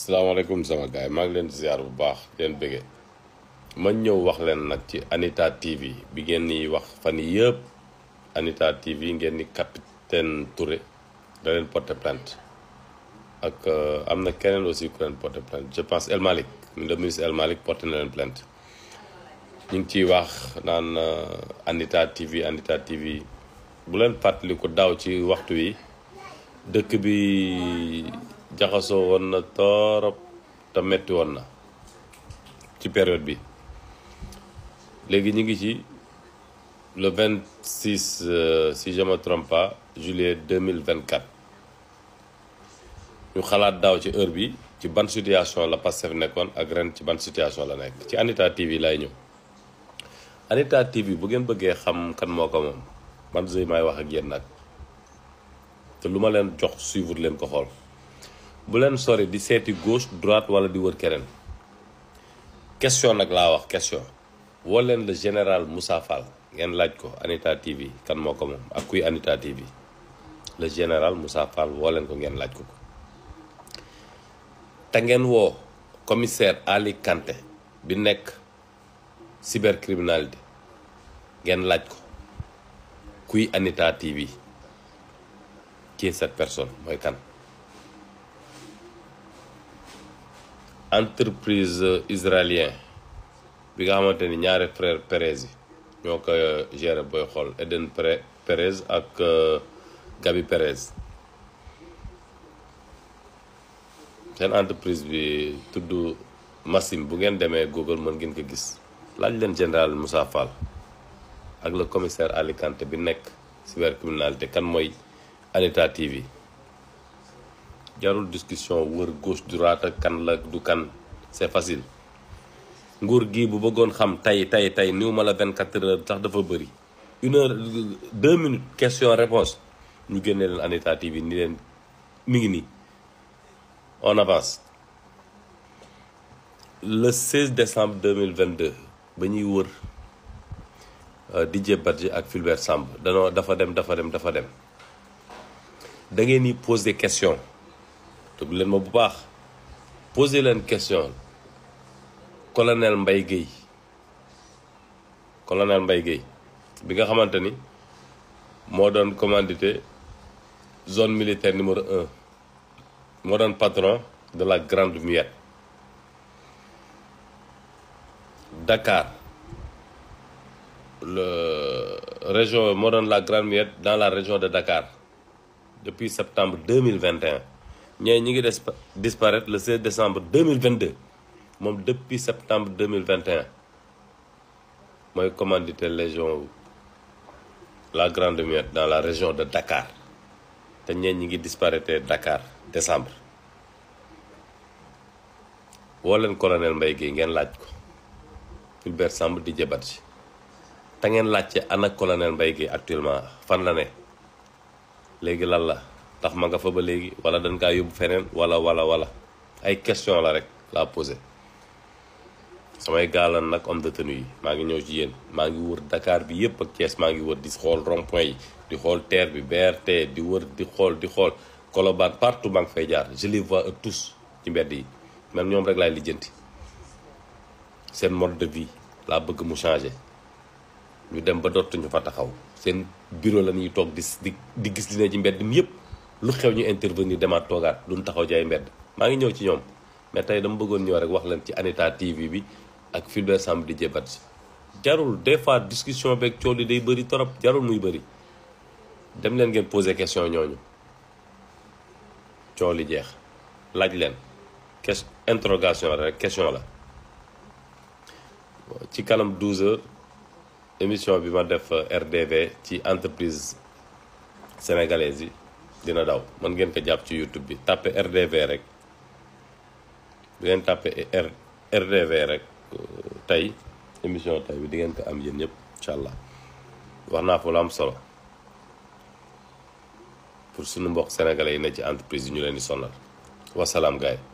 salaamaaleykum sama gars yi maa ngi leen di ziar bu baax leen bëggee ma ñëw wax leen nag ci Anita TV bi ngeen ni wax fan yii yëpp Anita TV ngeen ni capitaine Touré da leen porté plainte ak euh, am na keneen aussi ku leen porté plainte je pense El Malick le ministre El Malick porté na leen plainte ñu ngi ciy wax naan euh, Anita TV Anita TV bu leen ko daaw ci waxtu wi dëkk bi. jaxasoo woon na torop te metti woon na ci période bi léegi ñu ngi ci le 26 euh, si je me trompe pas juillet 2024 ñu xalaat daaw ci heure bi ci ban situation la Pastef nekkoon ak ren ci ban situation la nekk ci Anita TV lay ñëw Anita TV bu ngeen bëggee xam kan moo ko moom man Zey maay wax ak yéen nag te lu ma leen jox suivre leen ko xool bu leen sori di seeti gauche droite wala di wër keneen question nag laa wax question woo leen le général Moussa Fall ngeen laaj ko Anita TV kan moo ko moom ak kuy Anita TV le général Moussa Fall woo leen ko ngeen laaj ko ko te ngeen woo commissaire Ali Kanté bi nekk cybercriminalité ngeen laaj ko kuy Anita TV qui est cette personne mooy kan entreprise israélien bi nga xamante ni ñaari frère Perez yi ñoo ko gérer booy xool Eden Perez ak euh, Gabi Perez seen entreprise bi tudd Massim bu ngeen demee Google mën ngeen ko gis laaj leen général Moussa Fall ak le commissaire Alicante bi nekk cybercriminalité kan mooy Anita TV jarul discussion wër gauche droite ak kan la du kan c'est facile nguur gi bu bëggoon xam tey tey tey niw ma la 24 heures tax dafa bëri une heure deux minutes question réponse ñu génne leen Anita TV ni leen mi ngi nii on avance le 16 décembre 2022 ba ñuy wër euh, Didier Badji ak Fulbert Samb danoo dafa dem dafa dem dafa dem da ngeen di poser question déglu leen ma bu baax posé leen question colonel Mbaye Guèye colonel Mbaye Guèye bi nga xamante ni moo doon commandité zone militaire numéro moo doon patron de la grande muette Dakar le région moo doon la grande muette dans la région de Dakar depuis septembre deux mille vingt et ñee ñi ngi des disparaître le 16 décembre 2022 moom depuis septembre 2021 mooy commandité légion la grande muette dans la région de Dakar te ñee ñi ngi disparaître Dakar décembre woo leen colonel mbay Guèye ngeen laaj ko Fulbert Samb di jabat ji te ngeen laajte ana colonel mbay gi actuellement fan la ne léegi lan la ndax ma nga fa ba léegi wala dañ kaa yóbbu feneen wala wala wala ay question la rek la posé samay gaalan nag homme de tenu yi maa ngi ñëw ci yéen maa ngi wër dakaar bi yëpp ak Thiès maa ngi wër di xool rond-point yi di xool terre bi BRT di wër di xool di xool Colobane partout maa ngi fay jaar je les vois tous ci mbedd yi man ñoom rek laay lijjanti seen mode de vie laa bëgg mu changer ñu dem ba dootuñu fa taxaw seen bureau la ñuy toog di di gis li ci mbedd mi yëpp lu xew ñu intervenir demaat toogaat duñ taxaw jaay mbedd maa ngi ñëw ci ñoom mais tey dama bëggoon ñëw rek wax leen ci Anita TV bi ak Fulbert Samb di jébat jarul des fois discussion beeg coow li day bëri trop jarul muy bëri dem leen ngeen poser question ñooñu coow li jeex laaj leen question interrogation rek question la ci kanam 12 émission bi ma def euh, RDV ci entreprise sénégalaise yi dina daw man ngeen ko jàpp ci YouTube bi tàppe RDV rek bu ngeen tàppe RDV rek euh, tey émission tey bi di ngeen ko am yéen ñëpp incha allah wax naa fa am solo pour sunu mbokk sénégalais yi ne ci entreprise yi ñu leen di sonal wasalaam gars yi